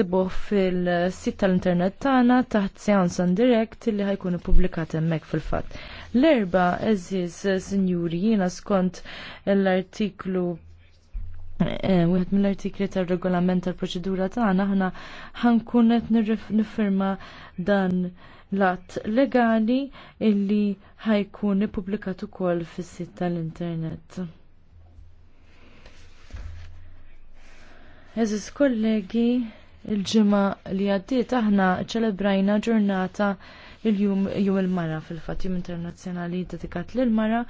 Sibuh fil-sit tal-internet tagħna taħt Seans on Direct li ħajkun ippubblikat hemmhekk fil-fatt. L-erba eżiż sinjuri jiena skont l-artiklu eh, Wieħed mill-artikli tar-regolament tal-proċedura tagħna aħna ħankun qed nifferma dan l-att legali illi ħajkun ippubblikat ukoll fis-sit tal-internet. Eżis kollegi, il-ġimgħa li għaddiet aħna ċelebrajna ġurnata il-jum jum il-mara fil-fatt jum internazzjonali dedikat lill mara